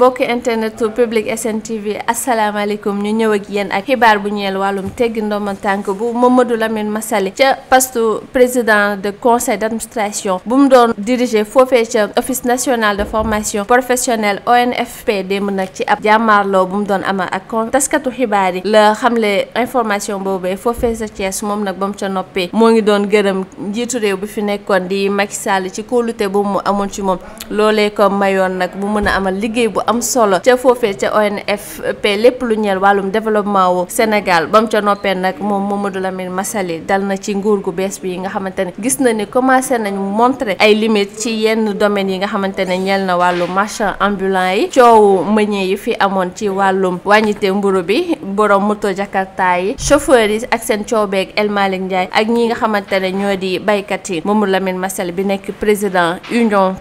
mbokki internet public SNTV asalaamaaleykum ñu ñëw ak yéen ak xibaar bu ñeel wàllum teggi ndomal tànk bu Mamadou Lamine Massaly ca poste président de conseil d'administration bu mu doon diriger foofee ca office national de formation professionnelle ONFP démb nag ci ab jàmmaarloo bu mu doon amal ak kon taskatu xibaar yi la xamle information boobee foofee sa Thiès moom nag ba mu ca noppee moo ngi doon gërëm njiitu réew bi fi nekkoon di Macky Sall ci kóolute bu mu amoon ci moom loolee ko mayoon nag bu mën a amal liggéey bu am solo ca foofee ca ONFP lépp lu ñeel wàllum développement wu Sénégal ba mu ca noppee nag moom Mamadou Lamine Massaly dal na ci nguur gu bees bi yi nga xamante ne gis na ni commencé nañ montré ay limites ci yenn domaines yi nga xamante ne ñeel na wàllu marchand ambulant yi coowu meññee yi fi amoon ci wàllum wàññite mburu bi boroom moto jakarta yi chauffeur yi ak seen coow beeg El Malick Ndiaye ak ñi nga xamante ne ñoo di baykat yi Mamadou Lamine Massaly bi nekk président Union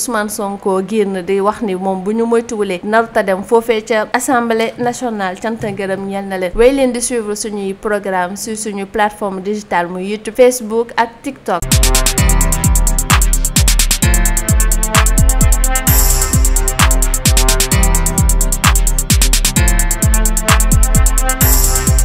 Ousmane Sonko génn di wax ni assemblée nationale suivre programme sur suñu plateforme digitale YouTube Facebook ak TikTok